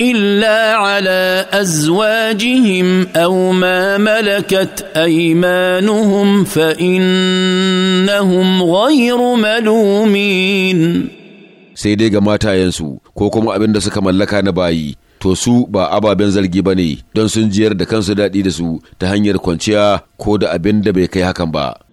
الا على ازواجهم او ما ملكت ايمانهم فانهم غير ملومين sai dai ga matayensu ko kuma abin da suka mallaka na bayi to su ba ababen zargi ba ne don sun jiyar da kansu daɗi da su ta hanyar kwanciya ko da abin da bai kai hakan ba